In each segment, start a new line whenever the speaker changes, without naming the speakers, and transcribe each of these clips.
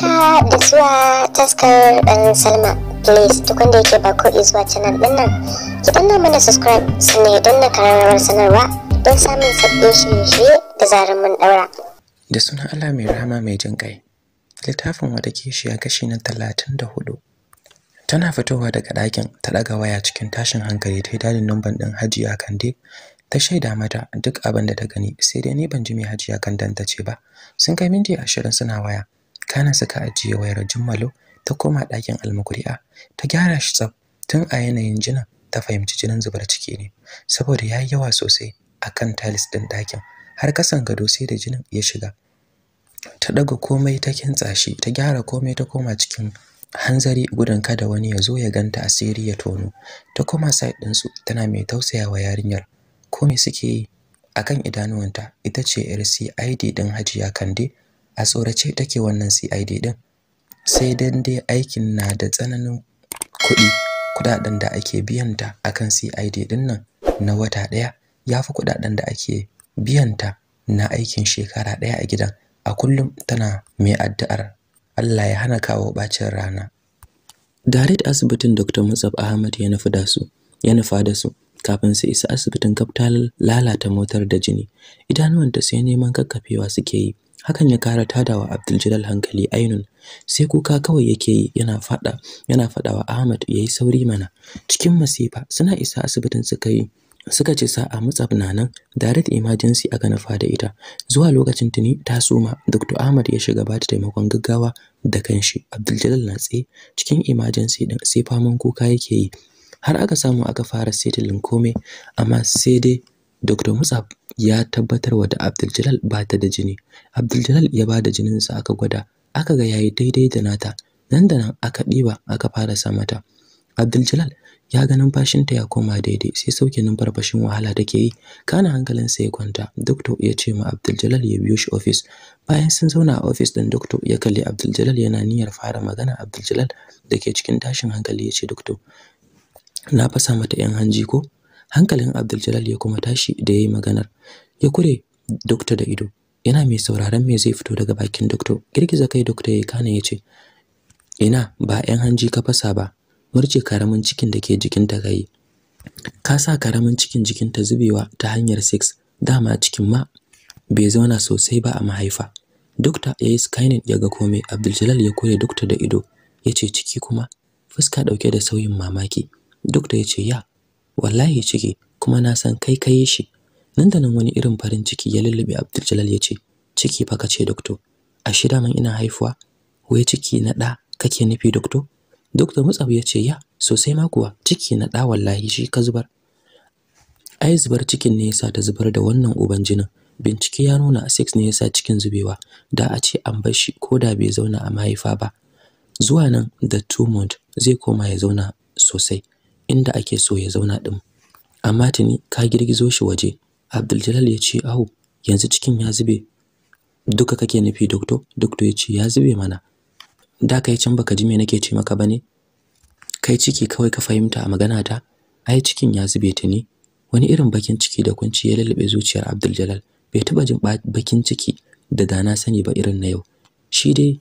haka da zuwa taskar dan salma please duk wanda yake ba ko zuwa canal din nan ki danna mana subscribe sannan ya danna karamar sanarwa don samun sabbin shirye-shirye da zarar mun daura da suna allah mai rahama mai jin kai littafin wata kishiya kashi na talatin da hudu tana fitowa daga dakin ta ɗaga waya cikin tashin hankali ta yi dadin numban ɗin hajiya kande ta shaida mata duk abin da ta gani sai dai ni ban ji mai hajiya kandan ta ce ba sun kai minti ashirin suna waya kana suka ajiye wayar jummalo ta koma ɗakin almakuri'a ta gyara shi tsaf tun a yanayin jina ta fahimci jinin zubar ciki ne saboda ya yi yawa sosai a kan tiles ɗin ɗakin har kasan gado sai da jinin ya shiga ta ɗaga komai ta kintsa shi ta gyara komai ta koma cikin hanzari gudun kada wani ya zo ya ganta asiri ya tono ta koma side ɗinsu tana mai tausayawa yarinyar ko me suke yi akan idanuwanta ita ce RCID din Hajiya Kande a tsorace take wannan CID din sai dan dai aikin na da tsananin kuɗi kuɗaɗen da ake biyanta akan CID din nan na wata ɗaya yafi kuɗaɗen da ake ta na aikin shekara ɗaya a gidan a kullum tana mai addu'ar Allah ya hana kawo bacin rana Darit asibitin Dr. Musab Ahmad ya nufi da su ya nufa da su kafin su isa asibitin kaftal lalata motar da jini idanuwanta sai neman kakkafewa suke yi hakan ya ƙara tadawa Abdul hankali ainun sai kuka kawai yake yi yana fada yana fadawa Ahmad yayi sauri mana cikin masifa suna isa asibitin suka yi suka ce sa'a a na nan direct emergency aka nufa da ita zuwa lokacin tuni ta suma Dr. Ahmad ya shiga bata taimakon gaggawa da kanshi Abdul na tsaye cikin emergency din sai faman kuka yake yi har aka samu aka fara settling komai amma sai dai Dr. Musab ya tabbatar wa da Abdul Jalal ba ta da jini. Abdul ya ba da jininsa aka gwada, aka ga yayi daidai da nata. Nan da nan aka ɗiba aka fara sa mata. Abdul ya ga ta ya koma daidai sai sauke numfarfashin wahala take yi kana hankalinsa ya kwanta Dr. ya ce ma Abdul ya biyo shi office bayan sun zauna a office din Dr. ya kalli Abdul yana niyyar fara magana Abdul da ke cikin tashin hankali ya ce Dr. na fasa mata yan hanji ko hankalin Abdul ya kuma tashi da yayi maganar ya kure dokta da ido yana mai sauraron me zai fito daga bakin dokta girgiza kai dokta ya kana yace ina ba 'yan hanji ka fasa ba murje karamin cikin da ke jikinta gayi ka sa karamin cikin jikinta zubewa ta hanyar sex dama cikin ma bai zauna sosai ba a mahaifa dokta ya yi scanning ya ga komai abdul ya kure dokta da ido yace ciki kuma fuska ɗauke da sauyin mamaki dokta yace ya wallahi ciki kuma na san kai kai shi nan da nan wani irin farin ciki ya lullube Abdul ya ce ciki fa kace doctor a shida man ina haifuwa waye ciki na da kake nufi doctor doctor Mutsab ya ce ya sosai ma kuwa ciki na da wallahi shi ka zubar ai zubar cikin ne yasa ta zubar da wannan uban jinin bincike ya nuna sex ne yasa cikin zubewa da a ce an bar shi koda bai zauna a mahaifa ba zuwa nan da two month zai koma ya zauna sosai inda ake so ya zauna ɗin. Amma tuni ka girgizo shi waje. Abdul ya ce, "Au, yanzu cikin ya zube." Duka kake nufi, doctor doctor ya ce, "Ya zube mana." Da kai can baka ji me nake ce maka bane? Kai ciki kawai ka fahimta a magana ta? Ai cikin ya zube tuni. Wani irin bakin ciki da kunci ya lalube zuciyar Abdul Bai taba jin bakin ciki da dana sani ba irin na yau. Shi dai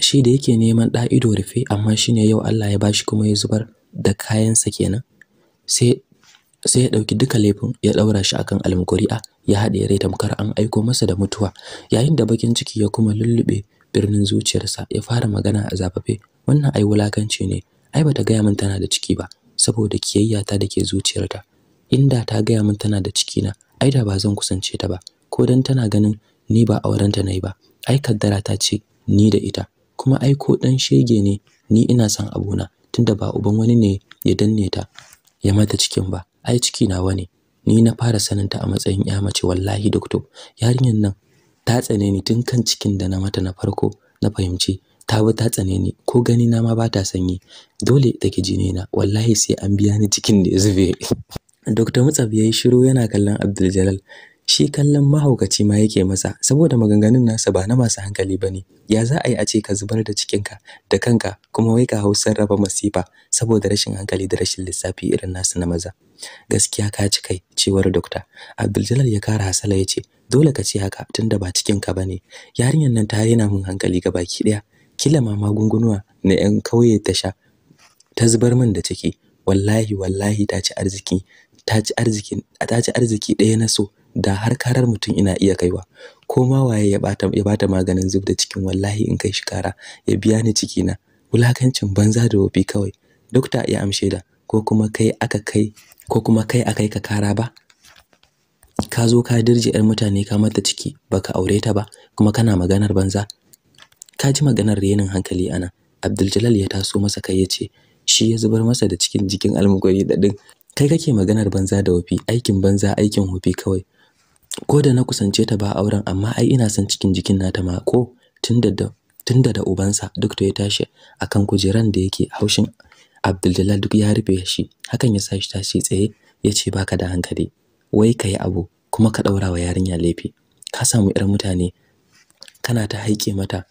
shi da yake neman ɗa ido rufe amma shine yau Allah ya bashi kuma ya zubar da kayansa kenan sai sai ya ɗauki duka laifin ya ɗaura shi akan almukuri'a ya haɗe rai tamkar an aiko masa da mutuwa yayin da bakin ciki ya kuma lullube birnin zuciyarsa ya fara magana a zafafe wannan ai wulakanci ne ai bata gaya min tana da ciki ba saboda kiyayyata da ke zuciyarta inda ta gaya min tana da ciki na ai da ba zan kusance ta ba ko dan tana ganin ni ba aurenta nayi ba ai kaddara ta ce ni da ita kuma ai ko dan shege ne ni ina son abuna tunda ba uban wani ne ya danne ta ya mata cikin ba ai ciki nawa ne ni na fara sanin ta a matsayin ya mace wallahi doctor yarinyar nan ta tsane ni tun kan cikin da na mata na farko na fahimci ta bi ta tsane ni ko gani na ma ba ta sanyi dole ki jini na wallahi sai an biya ni cikin da ya zube doctor Mutsab yayi shiru yana kallon Abdul Jalal shi kallon mahaukaci ma yake masa saboda maganganun nasa ba na masu hankali bane ya za a yi a ce ka zubar da cikinka da kanka kuma wai ka hau raba masifa saboda rashin hankali da rashin lissafi irin nasu na maza gaskiya ka ci kai cewar dokta abdul ya kara hasala ya ce dole ka ce haka tunda ba cikinka bane yarinyar nan ta yana mun hankali ga baki ɗaya, kila ma magungunuwa na yan kauye ta sha ta zubar min da ciki wallahi wallahi ta ci arziki ta ci arziki ta ci arziki ɗaya na so da har karar mutum ina iya kaiwa ko ma waye ya bata ya bata maganin zub da cikin wallahi in kai shi kara ya biya ni ciki na wulakancin banza da wofi kawai dokta ya amshe da ko kuma kai aka kai ko kuma kai kai ka kara ba ka zo ka dirje yar mutane ka mata ciki baka aure ta ba kuma kana maganar banza ka ji maganar renin hankali ana Abdul ya taso masa kai ya shi ya zubar masa da cikin jikin almugari da din kai kake maganar banza da wofi aikin banza aikin wofi kawai ko da na kusance ta ba auren amma ai ina son cikin jikin nata ma ko tunda da tunda da ubansa doctor ya tashi akan kujeran da yake haushin Abdullah duk ya rufe shi hakan ya sa shi tashi tsaye ya ce baka da hankali wai kai abu kuma ka daura wa yarinya laifi ka samu irin mutane kana ta haike mata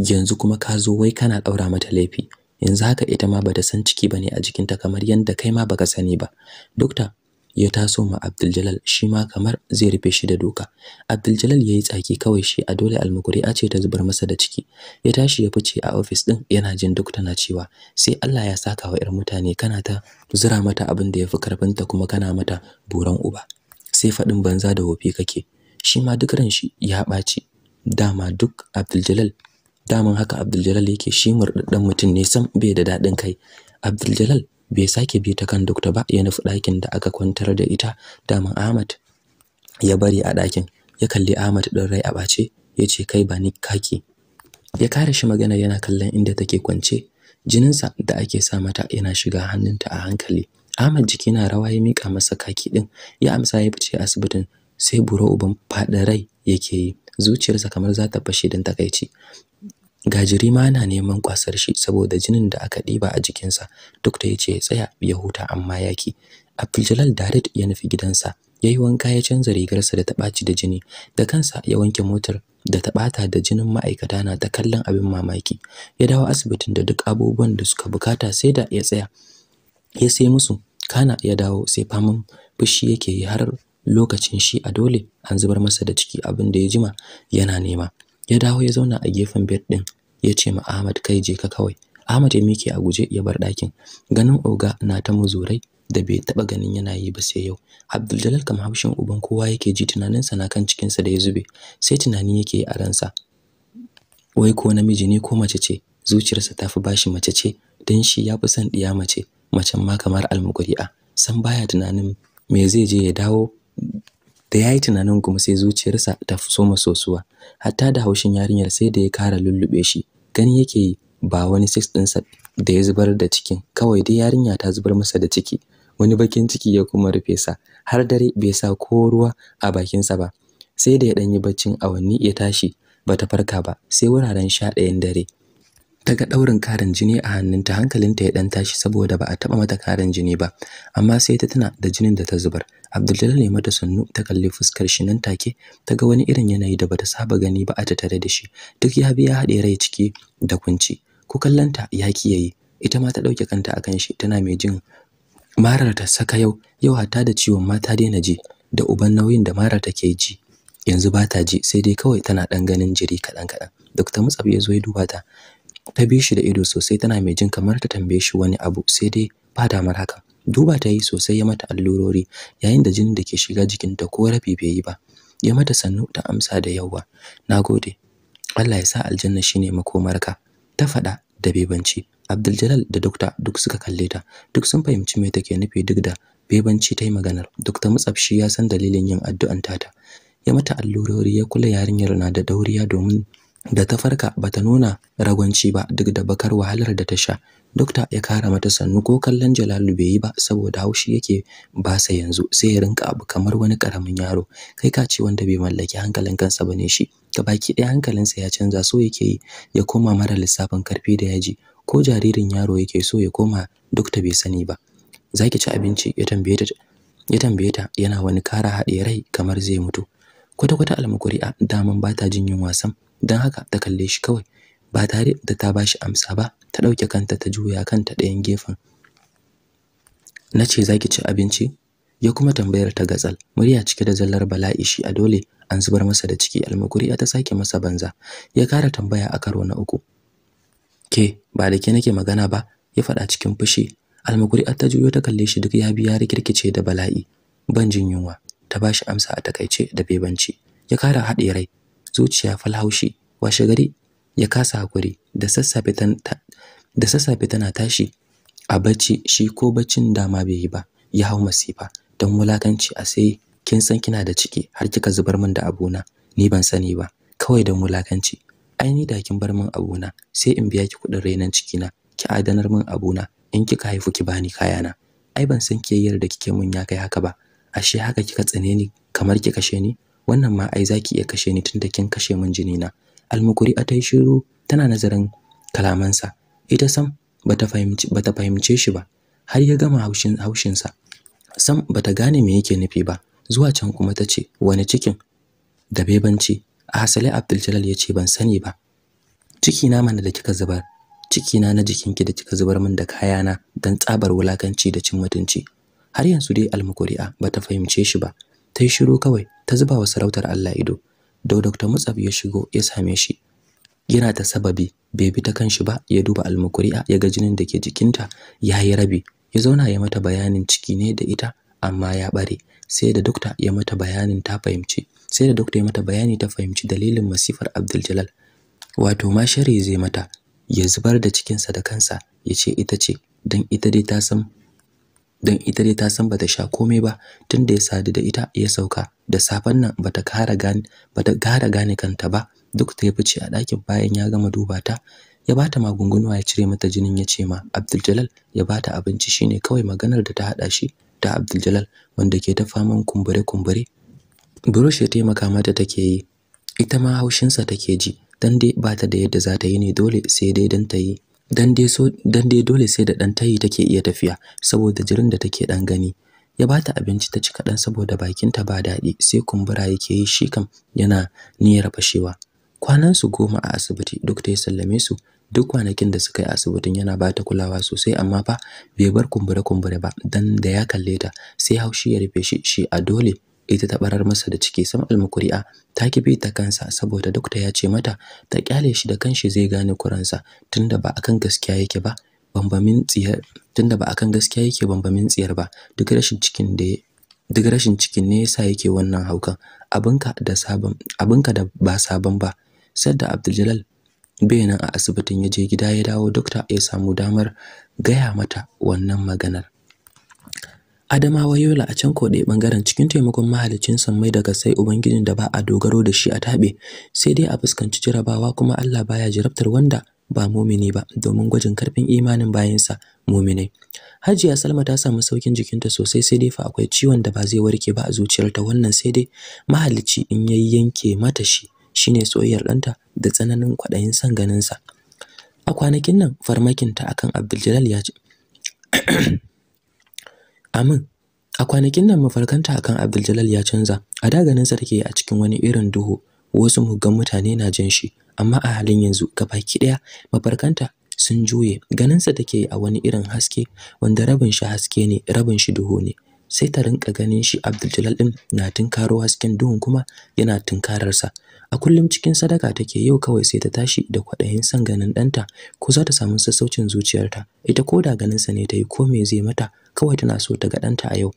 yanzu kuma ka zo wai kana daura mata laifi yanzu haka ita ma bata san ciki bane a jikinta kamar yanda kai ma baka sani ba doctor ya taso ma Abdul shi ma kamar zai rufe shi da doka Abdul ya yi tsaki kawai shi a dole almukuri a ce ta zubar masa da ciki ya tashi ya fice a ofis ɗin yana jin duk tana cewa sai Allah ya saka wa 'yar mutane kana ta zura mata abin da yafi karfinta kuma kana mata buran uba sai faɗin banza da wofi kake shi ma duk ran shi ya ɓaci dama duk Abdul daman haka Abdul yake shi murdaddan mutum ne sam bai da daɗin kai Abdul bai sake bi ta kan dokta ba ya nufi ɗakin da aka kwantar da ita daman Ahmad ya bari a ɗakin ya kalli Ahmad ɗin rai a ɓace ya ce kai ba ni kaki ya kare shi magana yana kallon inda take kwance jininsa da ake sa mata yana shiga hannunta a hankali Ahmad jiki na rawa ya mika masa kaki ɗin ya amsa ya fice asibitin sai buro uban faɗa rai yake yi zuciyarsa kamar za ta fashe don takaici Gajiri ma na neman kwasar shi saboda jinin da aka ɗiba a jikinsa duk ya ce ya tsaya ya huta amma yaki abdul darit ya nufi gidansa ya yi wanka ya canza rigarsa da ta ɓaci da jini da kansa ya wanke motar da ta ɓata da jinin ma'aikata na ta kallon abin mamaki ya dawo asibitin da duk abubuwan da suka bukata sai da ya tsaya ya sai musu kana ya dawo sai faman fushi yake yi har lokacin shi a dole an zubar masa da ciki abin da ya jima yana nema ya dawo ya zauna a gefen bed din ya ce ma Ahmad kai je ka kawai Ahmad ya miƙe a guje ya bar ɗakin ganin oga na ta muzurai da bai taba ganin yana yi ba sai yau Abdul Jalal kam haushin uban kowa yake ji tunanin sa na kan cikin sa da ya zube sai tunani yake a ransa wai ko namiji ne ko mace ce zuciyarsa ta fi bashi mace ce dan shi ya fi son diya mace macen ma kamar almuguri'a san baya tunanin me zai je ya dawo da ya yi tunanin kuma sai zuciyarsa ta soma sosuwa hatta da haushin yarinyar sai da ya kara lullube shi gani yake yi ba wani six ɗinsa da ya zubar da cikin kawai dai yarinya ta zubar masa da ciki wani bakin ciki ya kuma rufe sa har dare bai sa ko ruwa a bakinsa ba sai da ya ɗanyi baccin awanni ya tashi ba ta farka ba sai wuraren sha ɗayan dare ta ga ɗaurin karin jini a hannunta hankalinta ya ɗan tashi saboda ba a taɓa mata karin jini ba amma sai ta tuna da jinin da ta zubar Abdullahi ne mata sannu ta kalli fuskar shi nan take ta ga wani irin yanayi da bata saba gani ba a tattare da shi duk ya biya ya haɗe rai ciki da kunci ko kallanta ya kiyaye ita ma ta ɗauke kanta akan shi tana mai jin marar ta saka yau yau hatta da ciwon mata ta daina ji da uban nauyin da marar take ji yanzu ba ta ji sai dai kawai tana ɗan ganin jiri kaɗan kaɗan Dr. Mutsab ya zo ya duba ta ta bi shi da ido sosai tana mai jin kamar ta tambaye shi wani abu sai dai ba damar haka duba ta yi sosai ya mata allurori yayin da jinin da ke shiga jikinta ko rabi bai yi ba ya mata sannu ta amsa da yawa Na gode. Allah ya sa aljanna shine makomarka ta faɗa da bebanci Abdul da Dokta duk suka kalle ta duk sun fahimci me take nufi duk da bebanci ta yi maganar Dr. Mutsafshi ya san dalilin yin addu'an tata ya mata allurori ya kula yarinyar na da dauriya domin da ta farka ba ta nuna ragwanci ba duk da bakar wahalar da ta sha Dokta ya kara mata sannu ko kallon Jalalu bai yi ba saboda haushi yake ba sa yanzu sai ya rinka abu kamar wani karamin yaro. Kai ka ce wanda bai mallaki hankalin kansa bane shi. baki ɗaya hankalinsa ya canza so yake yi ya koma mara lissafin karfi da yaji. Ko jaririn yaro yake so ya koma dokta bai sani ba. zaki ci abinci ya tambaye ta ya tambaye ta yana wani kara haɗe rai kamar zai mutu. Kwata-kwata almakuri'a daman ba ta jin yin wasan don haka ta kalle shi kawai ba tare da ta bashi amsa ba ta ɗauke kanta ta juya kanta ɗayan gefen na ce za ci abinci ya kuma tambayar ta gatsal murya cike da zallar bala'i shi a dole an zubar masa da ciki ya ta sake masa banza ya kara tambaya a karo na uku ke ba da ke nake magana ba ya faɗa cikin fushi almakuri ta juyo ta kalle shi duk ya biya rikirkice da bala'i ban jin yunwa ta bashi amsa a takaice da bebanci ya kara haɗe rai zuciya falhaushi washe gari ya kasa hakuri da sassafe da sassafe tana tashi a bacci shi ko baccin dama bai yi ba ya hau masifa don wulakanci a sai kin san kina da ciki har kika zubar min da abuna ni ban sani ba kawai don wulakanci ai da kin bar min abuna sai in biya ki kuɗin renon cikina ki adanar min abuna in kika haifu ki bani kayana ai ban san kiyayyar da kike mun ya kai haka ba ashe haka kika tsane ni kamar ki kashe ni wannan ma ai zaki iya kashe ni da kin kashe min jini na almukuri a tai shiru tana nazarin kalamansa ita sam bata fahimci bata fahimce shi ba har ya gama haushin haushinsa sam bata gane me yake nufi ba zuwa can kuma ta ce wani cikin da bebanci a hasali abdul ya ce ban sani ba ciki na mana da kika zubar ciki na na jikinki da kika zubar min da kayana dan tsabar wulakanci da cin mutunci har yanzu dai almukuri'a bata fahimce shi ba ta shiru kawai ta zuba wa sarautar Allah ido dau Dr. Mutsaf ya shigo ya same shi yana ta sababi bai bi ta kanshi ba ya duba almukuri'a ya ga jinin da ke jikinta ya yi rabi ya zauna ya mata bayanin ciki ne da ita amma ya bare sai da dokta ya mata bayanin ta fahimci sai da dokta ya mata bayani ta fahimci dalilin masifar Abdul wato ma shari zai mata ya zubar da cikinsa da kansa ya ce ita ce don ita dai ta san don ta bata sha komai ba tunda ya sadu da ita ya sauka da safen nan bata kara gane gane kanta ba duk ta yi fice a ɗakin bayan ya gama duba ta ya bata magunguna ya cire mata jinin ya ce ma Abdul ya bata abinci shine kawai maganar da ta hada shi da Abdul wanda ke ta faman kumbure kumbure Burush ya taimaka mata take yi ita ma haushinsa take ji dan dai bata da yadda za ta yi ne dole sai dai dan ta yi dan dai so dan dai dole sai da dan tayi take iya tafiya saboda jirin da take dan gani ya bata abinci ta ci kaɗan saboda bakinta ba daɗi sai kumbura yake yi shi kam yana niyyar fashewa kwanan su goma a asibiti duk ya sallame su duk kwanakin da suka yi asibitin yana ba ta kulawa sosai amma fa bai bar kumbure-kumbure ba dan da ya kalle ta sai haushi ya rufe shi shi a dole ita ta barar masa da ciki sam almukuri'a ta kibi ta kansa saboda da ya ce mata ta kyale shi da kanshi zai gane kuransa tunda ba akan gaskiya yake ba bambamin tsiyar tunda ba akan gaskiya yake bambamin tsiyar ba duk rashin cikin da duk rashin cikin ne yasa yake wannan haukan abinka da sabon abinka da ba sabon ba sadda Abdul bai nan a asibitin ya je gida ya dawo dokta ya samu damar gaya mata wannan maganar Adamawa Yola a can koɗe ɓangaren cikin taimakon mahalicin sammai daga sai Ubangijin da ba a dogaro da shi a taɓe sai dai a fuskanci jarabawa kuma Allah baya jarabtar wanda ba mumini ba domin gwajin karfin imanin bayansa muminai. Hajiya Salma ta samu saukin jikinta sosai sai dai fa akwai ciwon da ba zai warke ba a zuciyarta wannan sai dai mahalicci in yayyanke yanke mata shi shine soyayyar ɗanta da tsananin kwaɗayin son ganinsa. A kwanakin nan ta akan Abdul ya ce Amin. A kwanakin nan mafarkanta akan Abdul ya canza. A da ganinsa take a cikin wani irin duhu, wasu muggan mutane na jin shi, amma a halin yanzu gabaki ɗaya mafarkanta sun juye. Ganinsa take a wani irin haske wanda rabin shi haske ne, rabin shi duhu ne. Sai ta rinka ganin shi Abdul ɗin na tunkaro hasken duhun kuma yana tunkararsa. a kullum cikin sadaka take yau kawai sai ta tashi da kwaɗayin son ganin danta ko za ta samu sassaucin zuciyarta ita ko da ganinsa ne ta yi ko me zai mata kawai tana so ta ga danta a yau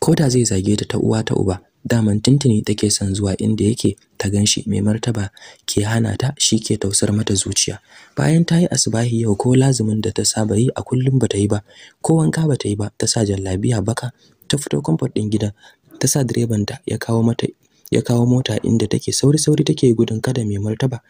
ko da zai zage ta ta uwa ta uba daman tintini take son zuwa inda yake ta ganshi mai martaba ke hana ta shi ke tausar mata zuciya bayan ta yi asbahi yau ko lazumin da ta saba yi a kullum bata yi ba ko wanka bata yi ba ta sa jallabiya baka ta fito comfort din gidan ta sa direban ta ya kawo mata ya kawo mota inda take sauri sauri take gudun kada mai martaba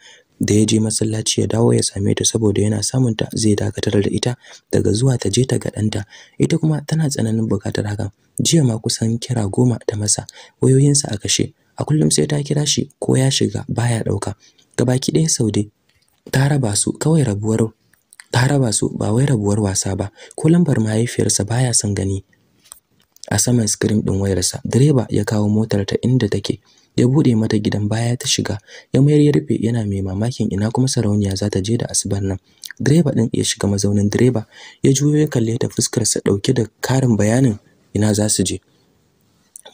da ya je masallaci ya dawo ya same ta saboda yana samun ta zai dakatar da ita daga zuwa ta je ta ga ɗanta ita kuma tana tsananin bukatar hakan jiya ma kusan kira goma ta masa wayoyinsa a kashe a kullum sai ta kira shi ko ya shiga baya ɗauka gabaki ɗaya saude ta raba su kawai rabuwar ta raba su ba wai rabuwar wasa ba ko lambar mahaifiyarsa baya son gani a saman screen ɗin wayarsa direba ya kawo motar ta inda take ya buɗe mata gidan baya ta shiga ya mayar ya rufe yana mai mamakin ina kuma sarauniya za ta je da asibar nan direba ɗin ya shiga mazaunin direba ya juyo ya kalle ta fuskarsa ɗauke da karin bayanin ina za su je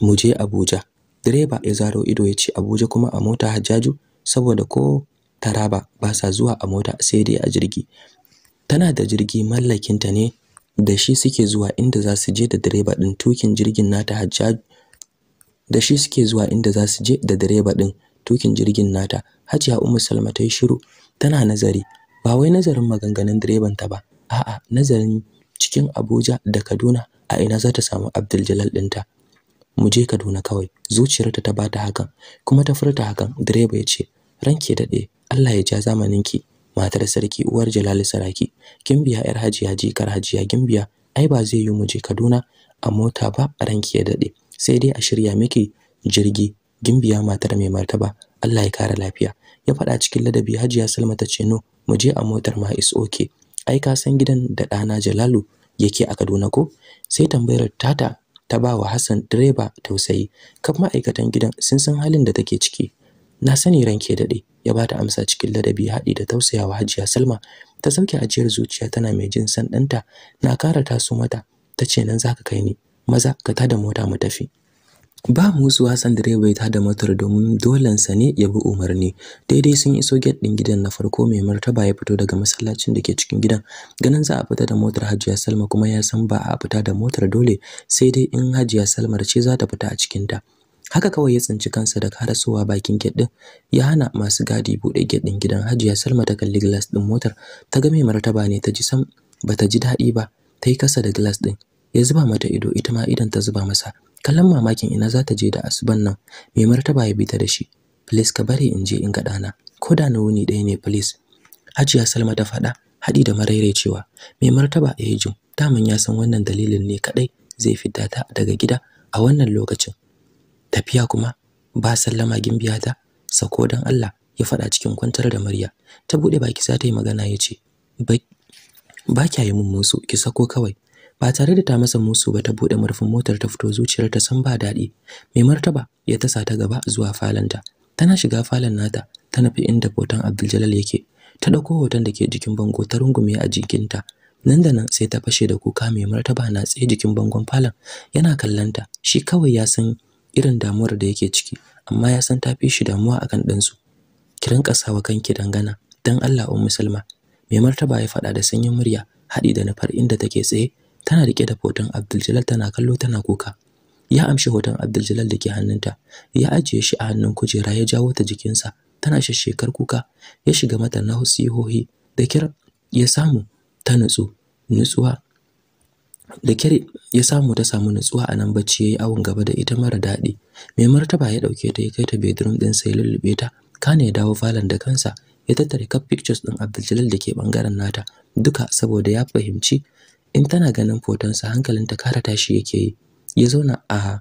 mu je abuja direba ya zaro ido ya ce abuja kuma a mota hajjaju saboda ko taraba ba sa zuwa a mota sai dai a jirgi tana da jirgi mallakinta ne da shi suke zuwa inda za su je da direba ɗin tukin jirgin nata Hajjaj da shi suke zuwa inda za su je da direba ɗin tukin jirgin nata Hajiya Ummu Salma ta yi shiru tana nazari ba wai nazarin maganganun direban ta ba a'a nazarin cikin Abuja da Kaduna a ina za ta samu Abdul Jalal ɗinta mu je Kaduna kawai zuciyarta ta bata hakan kuma ta furta hakan direba ya ce ranke daɗe Allah ya ja zamanin ki. matar sarki uwar Jalal Saraki Gimbiya yar Hajiya jikar Hajiya Gimbiya ai ba zai yi mu je Kaduna a mota ba ranki ya dade sai dai a shirya miki jirgi Gimbiya matar mai martaba Allah ya kara lafiya ya faɗa cikin ladabi Hajiya Salma ta ce no mu je a motar ma is okay ai ka san gidan da ɗana Jalalu yake a Kaduna ko sai tambayar tata ta ba wa Hassan direba tausayi kan ma'aikatan gidan sun san halin da take ciki na sani ranke daɗe ya bata amsa cikin ladabi haɗi da tausayawa Hajiya Salma ta sauke ajiyar zuciya tana mai jin san ɗanta na ƙara taso mata ta ce nan zaka kai ni maza ka tada mota mu tafi ba mu zuwa san direba ya da motar domin dolan sa ne ya bi umarni daidai sun iso get ɗin gidan na farko mai martaba ya fito daga masallacin da ke cikin gidan ganin za a fita da motar Hajiya Salma kuma ya san ba a fita da motar dole sai dai in Hajiya Salmar ce za ta fita a cikin ta haka kawai ya tsinci kansa da karasowa bakin gate ya hana masu gadi buɗe gate ɗin gidan Hajiya Salma ta kalli glass ɗin motar ta ga mai martaba ne ta ji sam bata ji daɗi ba ta yi kasa da glass ɗin ya zuba mata ido ita ma idan ta zuba masa kallon mamakin ina za ta je da asuban nan mai martaba ya bi ta da shi please ka bari in je in ga ɗana ko da na wuni ɗaya ne please Hajiya Salma ta faɗa haɗi da maraicewa mai martaba ya yi jin daman ya san wannan dalilin ne kaɗai zai fita ta daga gida a wannan lokacin tafiya kuma ba sallama gimbiya ta sako dan Allah ya faɗa cikin kwantar da murya ta bude baki sai ta yi magana ya ce ba kya yi mun musu ki sako kawai ba tare da ta masa musu ba ta bude murfin motar ta fito zuciyar ta san ba daɗi mai martaba ya tasa ta gaba zuwa falanta tana shiga falan nata tana fi inda hoton Abdul yake ta dauko hoton da ke jikin bango ta rungume a jikinta nan da nan sai ta fashe da kuka mai martaba na tsaye jikin bangon falon yana kallanta shi kawai ya san irin damuwar da yake ciki amma ya san ta fi shi damuwa akan ɗansu ki rinka sawa kanki dangana dan Allah ummu musulma. mai martaba ya faɗa da sanyin murya haɗi da nufar inda take tsaye tana rike da hoton Abdul tana kallo tana kuka ya amshi hoton Abdul Jalal da ke hannunta ya ajiye shi a hannun kujera ya jawo ta jikinsa tana shashshekar kuka ya shiga mata nasihohi da kira ya samu ta nutsu nutsuwa da kyar ya samu ta samu nutsuwa a nan bacci yayi awon gaba da ita mara daɗi mai martaba ya dauke ta ya kai ta bedroom din sai lullube ta kana ya dawo falon da kansa ya tattare cup pictures din Abdul da ke bangaren nata duka saboda ya fahimci in tana ganin fotonsa hankalinta kara tashi yake yi ya zauna a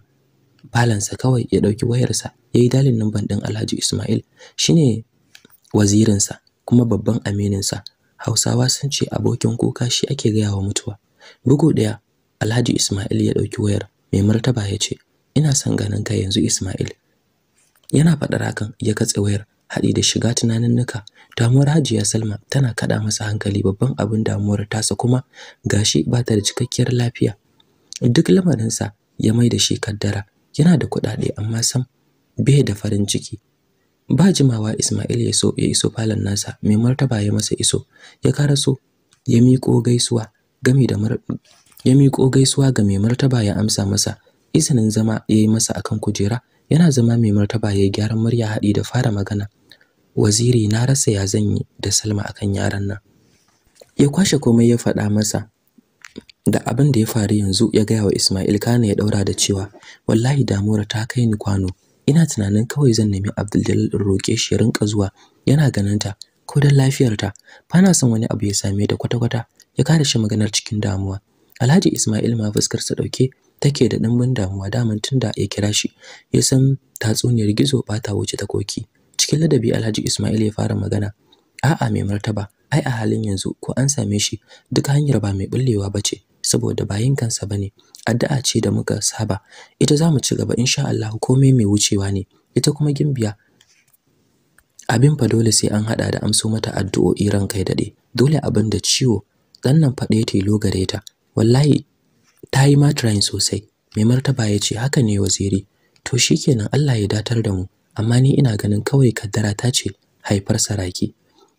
sa kawai ya dauki wayarsa yayi dalin number din Alhaji Ismail shine wazirinsa kuma babban aminin sa Hausawa sun ce abokin kuka shi ake gaya wa mutuwa bugu ɗaya alhaji ismail ya ɗauki wayar mai martaba ya ce ina son ganin ka yanzu ismail yana faɗar hakan ya katse wayar haɗi da shiga tunanin tunaninnika damuwar hajiya salma tana kaɗa masa hankali babban abin damuwar tasa kuma gashi ba ta da cikakkiyar lafiya duk lamarinsa ya mai da shi kaddara yana da kuɗaɗe amma sam bai da farin ciki ba jimawa Ismail ya so ya iso falon nasa mai martaba ya masa iso ya karaso ya miƙo gaisuwa gami da ya miƙo gaisuwa ga mai martaba ya amsa masa izinin zama yayi masa akan kujera yana zama mai martaba ya gyaran murya haɗi da fara magana waziri na rasa ya zanyi da salma akan yaran nan ya kwashe komai ya faɗa masa da abin da ya faru yanzu ya gaya wa Ismail Kana ya daura da cewa wallahi damura ta kai ni kwano ina tunanin kawai zan nemi Abdul roke shi rinka zuwa yana ganin ta, ko dan lafiyarta na son wani abu ya same ta kwata-kwata ya kare shi maganar cikin damuwa Alhaji Ismail ma fuskarsa dauke take da dimbin damuwa daman tunda ya kira shi ya san tatsuniyar gizo bata wuce ta koki cikin ladabi Alhaji Ismail ya fara magana a'a mai martaba ai a halin yanzu ko an same shi duk hanyar ba mai bullewa bace saboda bayin kansa bane addu'a ce da muka saba ita za mu ci gaba insha Allah komai mai wucewa ne ita kuma gimbiya abin fa dole sai an hada da amso mata addu'o'i ran kai dade dole abin da ciwo ɗan nan faɗe yi logare ta wallahi ta yi ma sosai mai martaba ya ce haka ne waziri to shi shikenan Allah ya datar da mu amma ni ina ganin kawai kaddara ta ce haifar saraki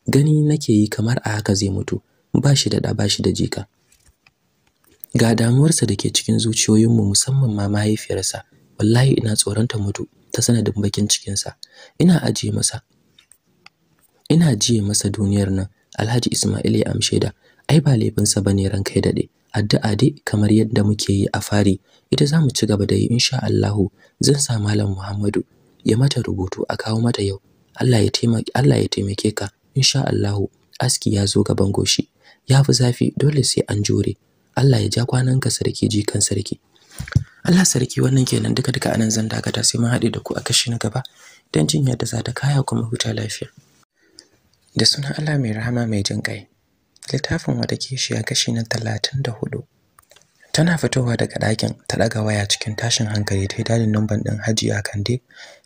gani nake yi kamar a haka zai mutu ba shi da ɗa ba shi da jika ga damuwarsa da ke cikin zuciyoyinmu musamman ma mahaifiyarsa wallahi ina tsoronta mutu ta sanadin bakin cikinsa ina ajiye masa ina jiye masa duniyar nan Alhaji Ismail ya amshe da ai ba laifinsa ba ne ranka ya daɗe addu'a dai kamar yadda muke yi a fari ita za mu ci gaba da yi insha Allah zan sa malam Muhammadu ya mata rubutu a kawo mata yau Allah ya taimake Allah ya taimake ka insha Allah aski ya zo gaban goshi ya fi zafi dole sai an jure Allah ya ja kwanan ka, sarki ji kan sarki Allah sarki wannan kenan duka duka anan zan dakata sai mun haɗe da ku a kashi na gaba dan jin da za ta kaya kuma huta lafiya da sunan Allah mai rahama mai jin kai littafin wata kishiya kashi na talatin da hudu tana fitowa daga ɗakin ta ɗaga waya cikin tashin hankali ta yi numban ɗin hajiya kande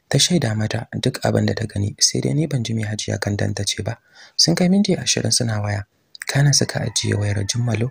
ta shaida mata duk abin da ta gani sai dai ni ban ji mai hajiya kandan ta ce ba sun kai minti ashirin suna waya kana suka ajiye wayar jummalo